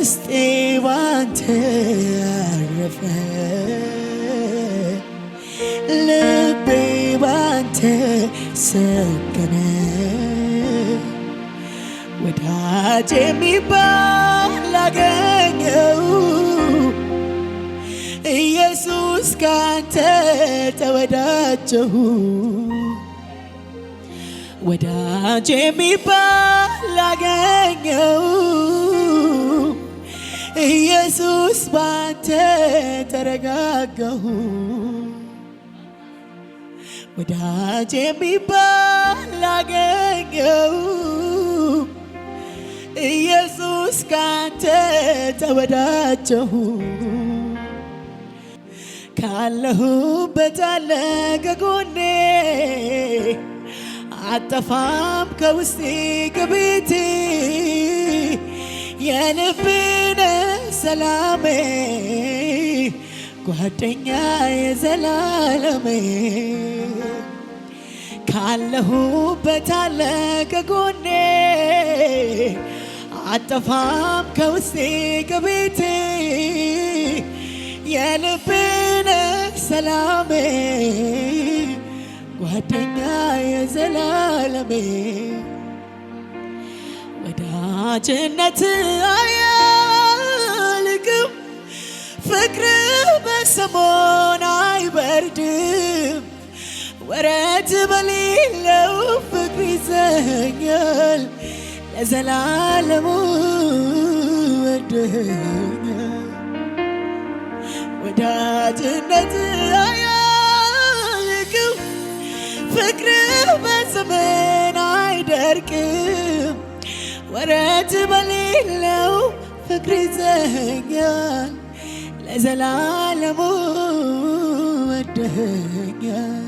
ውስጤ ባንተ ያረፈ ልቤ ባንተ ሰከነ ወዳጅ የሚባል አገኘው ኢየሱስ ካንተ ተወዳጀሁ ወዳጅ የሚባል አገኘው ኢየሱስ ባንተ ተረጋጋሁ። ወዳጅ የሚባል አገኘው። ኢየሱስ ካንተ ተወዳጀሁ። ካለሁበት አለ ከጎኔ አጠፋም ከውስጤ ከቤቴ የልቤ ሰላሜ ጓደኛ የዘላለሜ ካለሁበት አለ ከጎኔ አጠፋም ከውስጤ ከቤቴ የልቤን ሰላሜ ጓደኛ የዘላለሜ ወዳጅነት አየ ፍቅር በሰሞን አይበርድም፣ ወረት በሌለው ፍቅር ይዘኛል፣ ለዘላለሙ ወደኛል። ወዳጅነት አያልቅም፣ ፍቅር በዘመን አይደርቅም፣ ወረት በሌለው ፍቅር ይዘኛል ለዘላለሙ ወደኛል።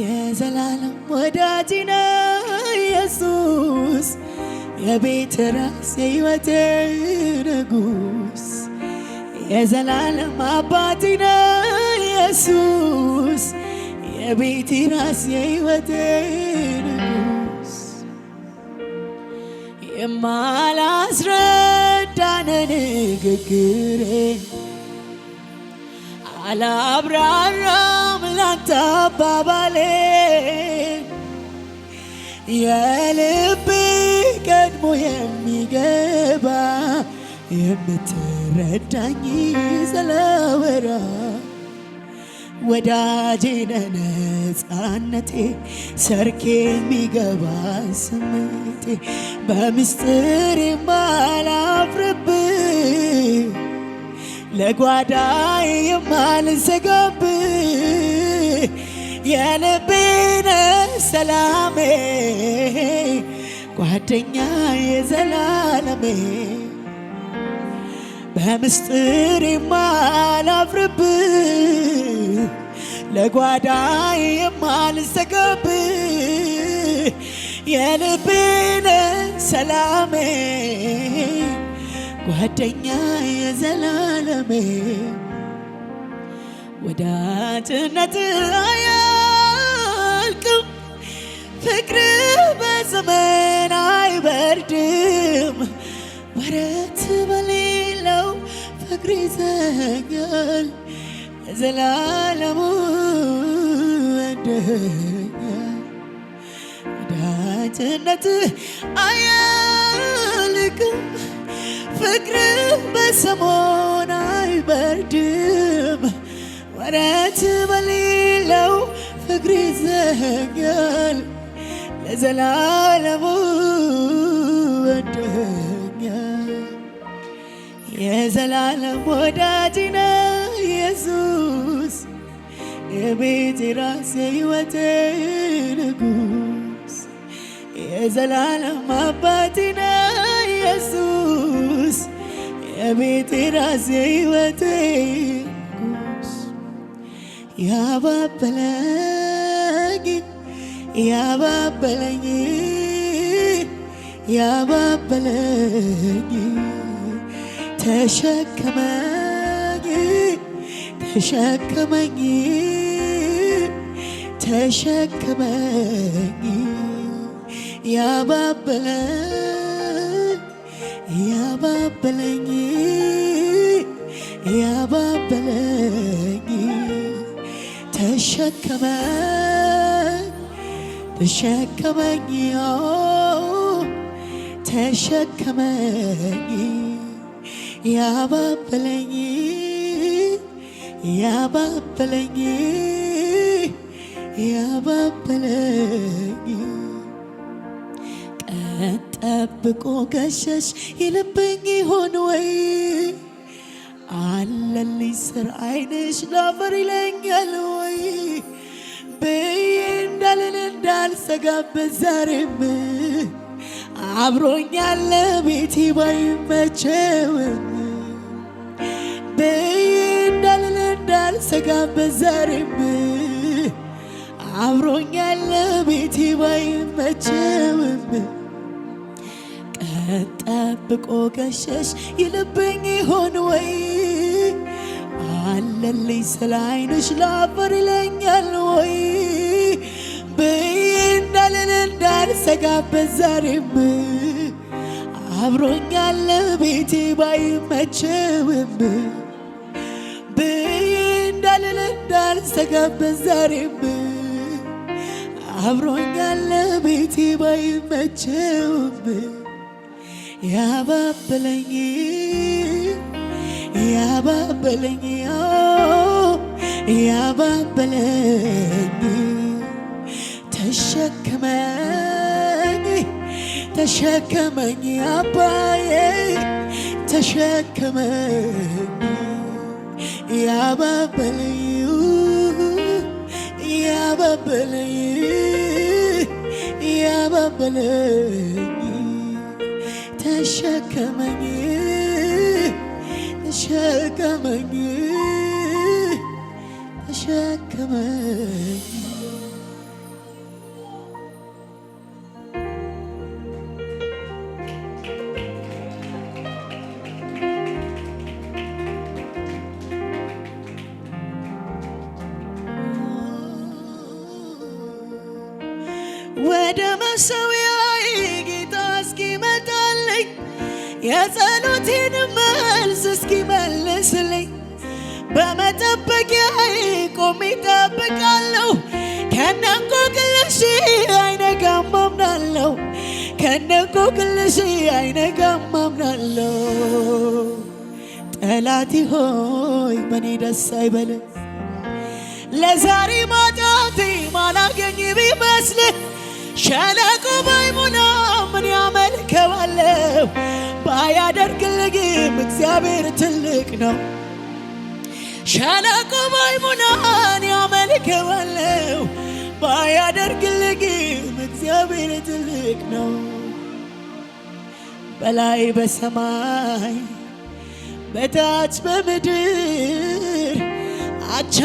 የዘላለም ወዳጅ ነው ኢየሱስ የቤት ራስ የሕይወቴ ንጉስ የዘላለም አባት ነው ኢየሱስ የቤት ራስ የሕይወቴ ንጉሥ የማላስረ የኪዳነ ንግግሬ አላብራራም ላንተ አባባሌ የልቤ ቀድሞ የሚገባ የምትረዳኝ ስለወራ ወዳጄ ነነፃነቴ ሰርኬ የሚገባ ስሜቴ በምስጢር የማላፍርብ ለጓዳዬ የማልዘጋብ የልቤነ ሰላሜ ጓደኛ የዘላለሜ በምስጢር የማላፍርብ ለጓዳ የማልዘጋብ የልቤን ሰላሜ ጓደኛ የዘላለሜ ወዳጅነት አያልቅም፣ ፍቅር በዘመን አይበርድም። ወረት በሌለው ፍቅር ይዘኛል። ዘላለሙ ወደኛል። ወዳጅነትህ አያልቅም፣ ፍቅርህ በሰሞን አይበርድም። ወረት በሌለው ፍቅር ይዘኛል። ለዘላለሙ ወደኛል። የዘላለም ወዳጅ ነው ኢየሱስ የቤት የራሴ ሕይወቴ ንጉስ የዘላለም አባቴና ኢየሱስ የቤት የራሴ ሕይወቴ ንጉስ ያባበለኝ ያባበለኝ ያባበለኝ ተሸከመ ተሸከመኝ ተሸክመኝ ያባበለኝ ያባበለኝ ያባበለኝ ተሸክመኝ ተሸክመኝ ተሸክመኝ ያባበለኝ ያባበለኝ ያባበለኝ ቀን ጠብቆ ገሸሽ ይልብኝ ይሆን ወይ አለልኝ ስር አይንሽ ላፈር ይለኛል ወይ ብዬ እንዳልን እንዳልሰጋበት ዛሬም አብሮኛለ ቤቴ ባይመቸውም እንዳልሰጋበት ዛሬም አብሮኛል ቤቴ ባይመቸውም ቀን ጠብቆ ገሸሽ ይልብኝ ይሆን ወይ አለልኝ ስለ አይንሽ ላፈር ይለኛል ወይ በይናልን እንዳልሰጋበት ዛሬም አብሮኛል ቤቴ ባይመቸውም አልዘጋበት ዛሬም አብሮኛለ ቤቴ ባይመቸውም ያባበለኝ ያባበለኝ ያባበለኝ ተሸክመኝ ተሸከመኝ አባዬ ተሸከመኝ ያባበለኝ ያበበለኝ ያበበለኝ ተሸከመኝ ተሸከመኝ ተሸከመኝ መሰዊያዬ ጌታ እስኪመጣልኝ የጸሎቴን መልስ እስኪመልስልኝ በመጠበቂያዬ ቆሜ እጠብቃለሁ። ከነ እንቆቅልሽ አይነጋም አምናለሁ። ከነ እንቆቅልሽ አይነጋም አምናለሁ። ጠላቴ ሆይ በኔ ደስ አይበል ለዛሬ ማጣቴ ማላገኝ ቢመስልህ ሸለቆ ባይሞላ ምን ያመልከዋለሁ? ባያደርግልግም እግዚአብሔር ትልቅ ነው። ሸለቆ ባይሞላ ምን ያመልከዋለሁ? ባያደርግልግም እግዚአብሔር ትልቅ ነው። በላይ በሰማይ በታች በምድር አቻ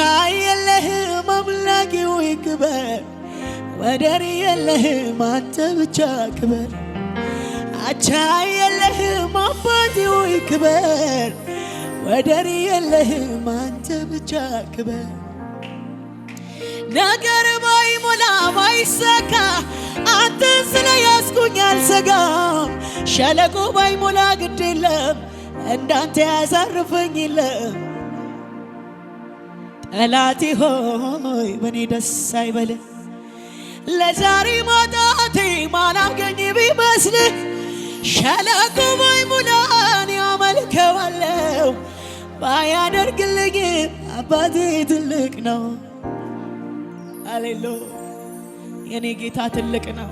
የለህም አምላኬ ሆይ ክበር ወደር የለህም አንተ ብቻ ክበር፣ አቻ የለህም አባቴ ሆይ ክበር። ወደር የለህም አንተ ብቻ ክበር። ነገር ባይሞላ ባይሰካ አንተን ስለ ያስኩኝ አልሰጋም። ሸለቆ ባይሞላ ግድ የለም እንዳንተ ያሳርፈኝ የለም። ጠላቴ ሆይ በእኔ ደስ አይበልህ ለዛሬ ማጣቴ ማላገኝ ቢመስል ሸለቆ ባይሞላ ሙላን ያመልከዋለው ባያደርግልኝ አባቴ ትልቅ ነው። አሌሎ የኔ ጌታ ትልቅ ነው።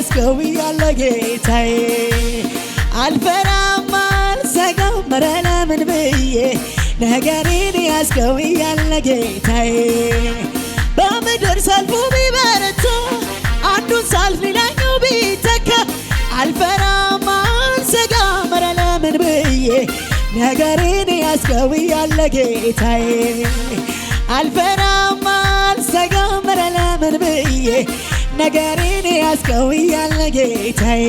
ያስከው ያለ ጌታዬ አልፈራም አልሰጋም ኧረ ለምን ብዬ ነገሬን ያስከው ያለ ጌታዬ በምድር ሰልፉ ቢበረታ አንዱን ሳልፍ ሌላኛው ቢተካ አልፈራም አልሰጋም ኧረ ለምን ብዬ ነገሬን ያስከው ያለ ጌታዬ አልፈራም አልሰጋም ኧረ ለምን ብዬ ነገሬን ያስከው እያለ ጌታዬ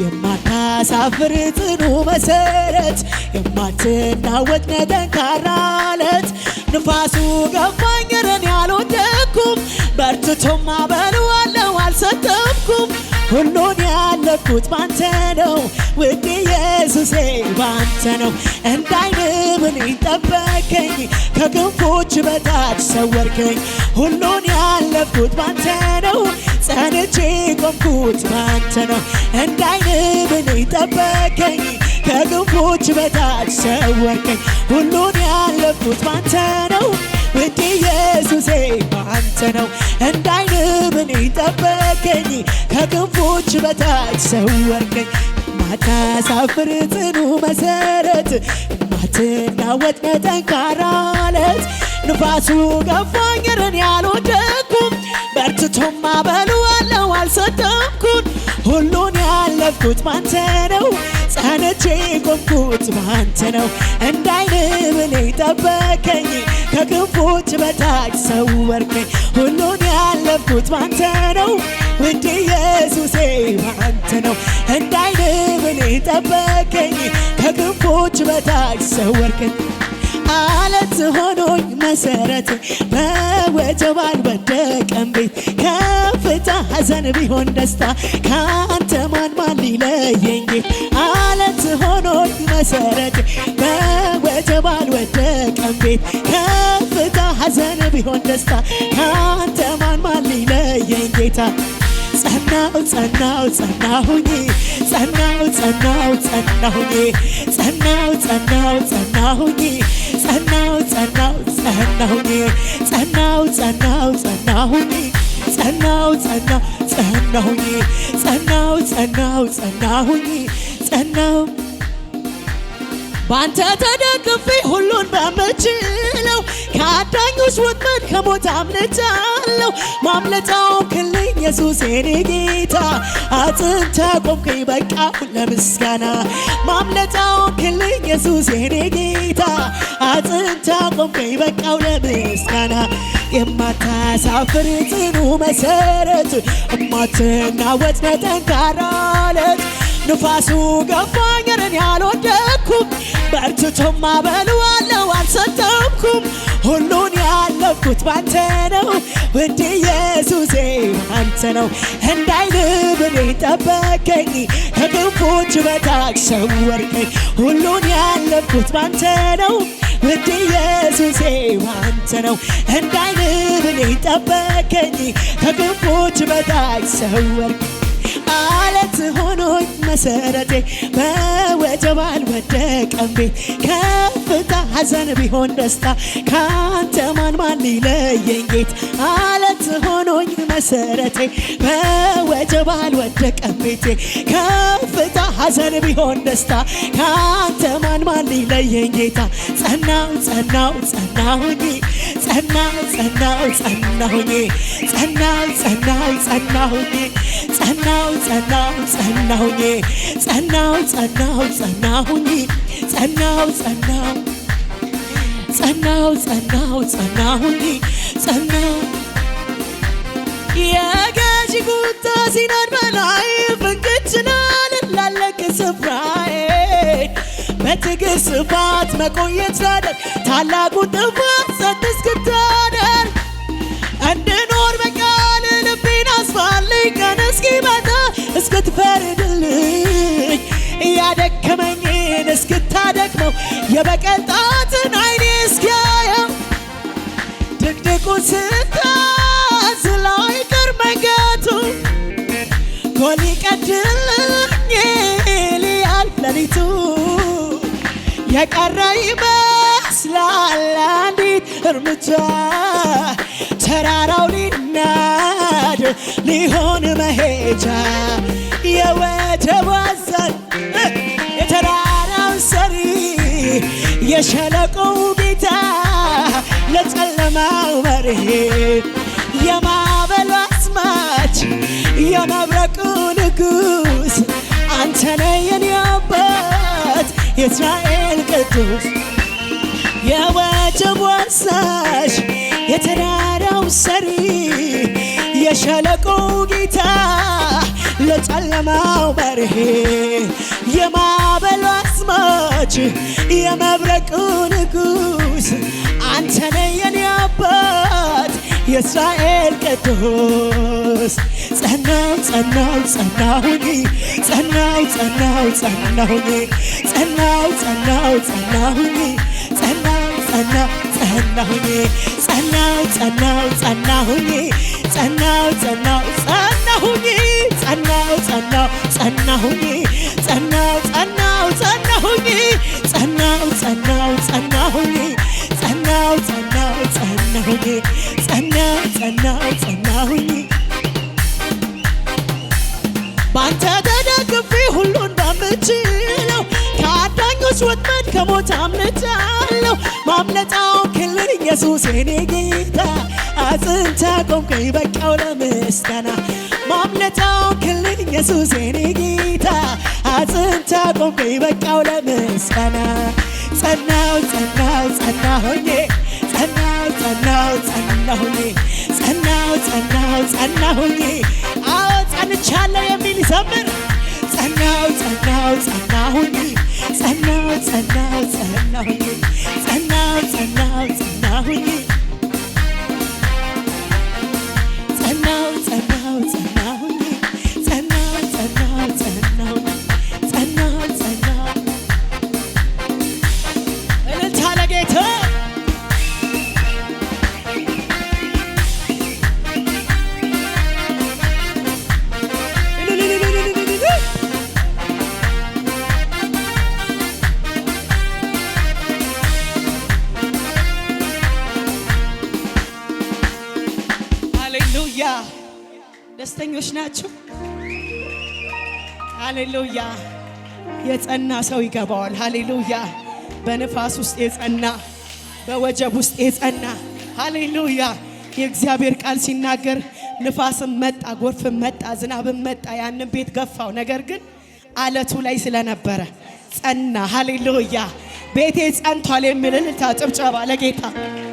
የማታሳፍር ጽኑ መሰረት የማትናወጥ ጠንካራ አለት ንፋሱ ገፋኝ እኔን ያልወደኩም በርትቶማ ሁሉን ያለኩት ባንተ ነው ውድ ኢየሱሴ ባንተ ነው። እንዳይን ጠበከኝ፣ ከክንፎች በታች ሰወርከኝ። ሁሉን ያለኩት ባንተ ነው ጸንቼ ቆምኩት ባንተ ነው። እንዳይን ጠበከኝ ከግንፎች በታች ሰወርከኝ። ሁሉን ያለኩት ባንተ ነው ውድ ኢየሱሴ ባንተ ነው። እንዳይን ምን በታች ሰው ወርቅ ማታሳፍር ጽኑ መሰረት ማትናወጥ ጠንካራ አለት ንፋሱ ያልወደኩም አለው ሁሉን ያለፍኩት ባንተ ነው፣ ጸንቼ ቆምኩት ባንተ ነው። እንዳይን ብለህ ጠበከኝ፣ ከክንፎች በታች ሰወርከኝ። ሁሉን ያለፍኩት ባንተ ነው፣ ውድ ኢየሱሴ ባንተ ነው። እንዳይን ብለህ ጠበከኝ፣ ከክንፎች በታች ሰወርከኝ። አለት ሆኖኝ መሰረት በወጀብ አልወደቀም ቤት ደስታ ሐዘን ቢሆን ደስታ ከአንተ ማን ማን ሊለየኝ አለት ሆኖ መሰረት በወጀብ አልወደቀም ቤት ከፍታ ሐዘን ቢሆን ደስታ ከአንተ ማን ማን ሊለየኝ ጌታ ጸናው ጸናው ጸናሁኝ ጸናው ጸናው ጸናሁኝ ጸናው ጸናው ጸናሁኝ ጸናው ጸናው ጸናሁኝ ጸናው ጸናው ጸናሁኝ ጸናው ጸናው ጸናሁኝ ጸናው ጸናው ጸናሁኝ ጸናው ባንተ ተደግፌ ሁሉን በምችለው ከአዳኞች ወጥመድ ከሞት አምልጫለሁ። ማምለጫው ክልኝ ኢየሱስ የኔ ጌታ አጽንተ ቆምከኝ በቃሁ ለምስጋና ማምለጫው ክልኝ ኢየሱስ የኔ ጌታ አጽንተ ቆምከኝ በቃው ለምስጋና የማታሳፍር ጽኑ መሰረት እማትናወጥ ነጠንካራለት ንፋሱ ገፋኝርን ያልወደኩም በርትቶማ በልዋለው አልሰጠምኩም ሁሉን ያለፍኩት ባንተ ነው ውድ ኢየሱሴ አንተ ነው እንዳይልብኔ ጠበቀኝ ከክንፎች በታች ሰወርከኝ ሁሉን ያለፍኩት ባንተ ነው ውድ ኢየሱሴ ዋንተ ነው እንዳይንብኔ ጠበከኝ ከግንቦች በታች ሰወርክ አለት ሆኖኝ መሰረቴ በወጀብ አልወደቀም ቤት ከፍታ ሐዘን ቢሆን ደስታ ካንተ ማን ማን ይለየኝ ጌት አለት ሆኖኝ መሰረቴ በወጀብ አልወደቀም ቤቴ ከፍታ ሐዘን ቢሆን ደስታ ካንተ ማን ማን ይለየኝ ጌታ ጸናው ጸናው ጸናሁኝ ጸናው ጸናው ጸናሁኝ ጸናው ጸናው ጸናሁኝ ጸናው ጸናው ጸናሁኝ ጸናው ጸናው ጸናሁኝ ጸናው ጸናው ጸናው ጸናው ጸናሁኝ ጸናው የገዢ ጉታ ሲናድ በላይ ፍንክችናል ላለቅ ስፍራዬ በትዕግስት ስፋት መቆየት ሳደር ታላቁ ጥፋት ሰጥ እስክታደር እንድኖር በቃል ልቤን አስፋልኝ ቀን እስኪመጣ ስትፈርድልኝ እያደከመኝን እስክታደክመው የበቀል ጣትን አይኔ እስኪያየው ድቅድቁን ስታዝለው ይቅር መንገቱ ጎል ይቀድልኝ ይልያል ሌሊቱ የቀረ ይመስላል አንዲት እርምጃ ተራራው ሊና ሊሆን መሄጃ የወደቡ የተራራው ሰሪ የሸለቆው ጌታ ለጨለማው መርሄ የማዕበሉ አስማች የመብረቁ ንጉሥ አንተነ የኔ አባት የእስራኤል ቅዱስ የወጀብ ወሳሽ የተራራው ሰሪ የሸለቆ ጌታ ለጨለማው በርሄ የማበሉ አስማች የመብረቁ ንጉሥ አንተነ የኔ አባት የእስራኤል ቅዱስ ጸናው ጸናው ጸናሁኝ ጸናው ጸናው ጸናሁኝ ጸናው ጸናው ጸናሁኝ ጸናው ጸናው ጸናሁኝ ጸናው ጸናው ጸናሁኝ ጸናው ጸናው ጸናሁኝ ጸናው ጸናው ጸናሁኝ ጸናው ጸናው ጸናሁኝ ጸናው ጸናው ጸናሁኝ ጸናው ጸናው ጸናሁኝ ጸናው ጸናው ጸናሁኝ ባንተ ከሞት አምነጫለሁ ማምለጫው ክልል ኢየሱስ የኔ ጌታ አጽንታ ቆምከኝ በቃው ለምስጋና ማምለጫው ክልል ኢየሱስ የኔ ጌታ አጽንታ ቆምከኝ በቃው ለምስጋና ጸናው ጸናው ጸና ሆኜ ጸናው ጸናው ጸና ሆኜ ጸናው ጸናው ጸና ሆኜ አዎ ጸንቻለሁ የሚል ይዘምር ጸናው ጸናው ጸና ሆኜ ጸናው ጸናው ጸናሁኝ ጸናው ጸናው ጸናሁኝ ደስተኞች ናቸው። ሃሌሉያ! የጸና ሰው ይገባዋል። ሃሌሉያ! በንፋስ ውስጥ የጸና በወጀብ ውስጥ የጸና ሃሌሉያ! የእግዚአብሔር ቃል ሲናገር ንፋስም መጣ፣ ጎርፍም መጣ፣ ዝናብም መጣ፣ ያንን ቤት ገፋው። ነገር ግን አለቱ ላይ ስለነበረ ጸና። ሃሌሉያ! ቤቴ ጸንቷል የሚል እልልታ ጭብጨባ ለጌታ